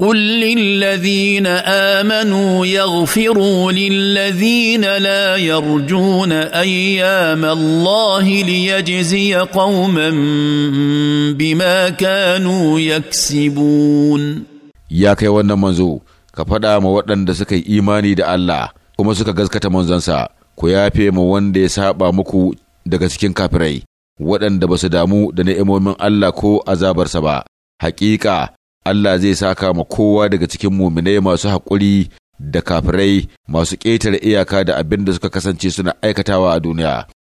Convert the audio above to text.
قل للذين امنوا يغفروا للذين لا يرجون ايام الله ليجزي قوما بما كانوا يكسبون يا kai wannan manzo ka faɗa ma waɗanda suka yi imani da Allah kuma suka gaskata manzonsa ku yafe ma wanda ya saɓa muku daga cikin kafirai waɗanda ba su damu da ni'imomin Allah ko azabarsa ba Haƙiƙa. Allah zai saka ma kowa daga cikin muminai masu haƙuri da kafirai masu ƙetare iyaka da abin da suka kasance suna aikatawa a duniya.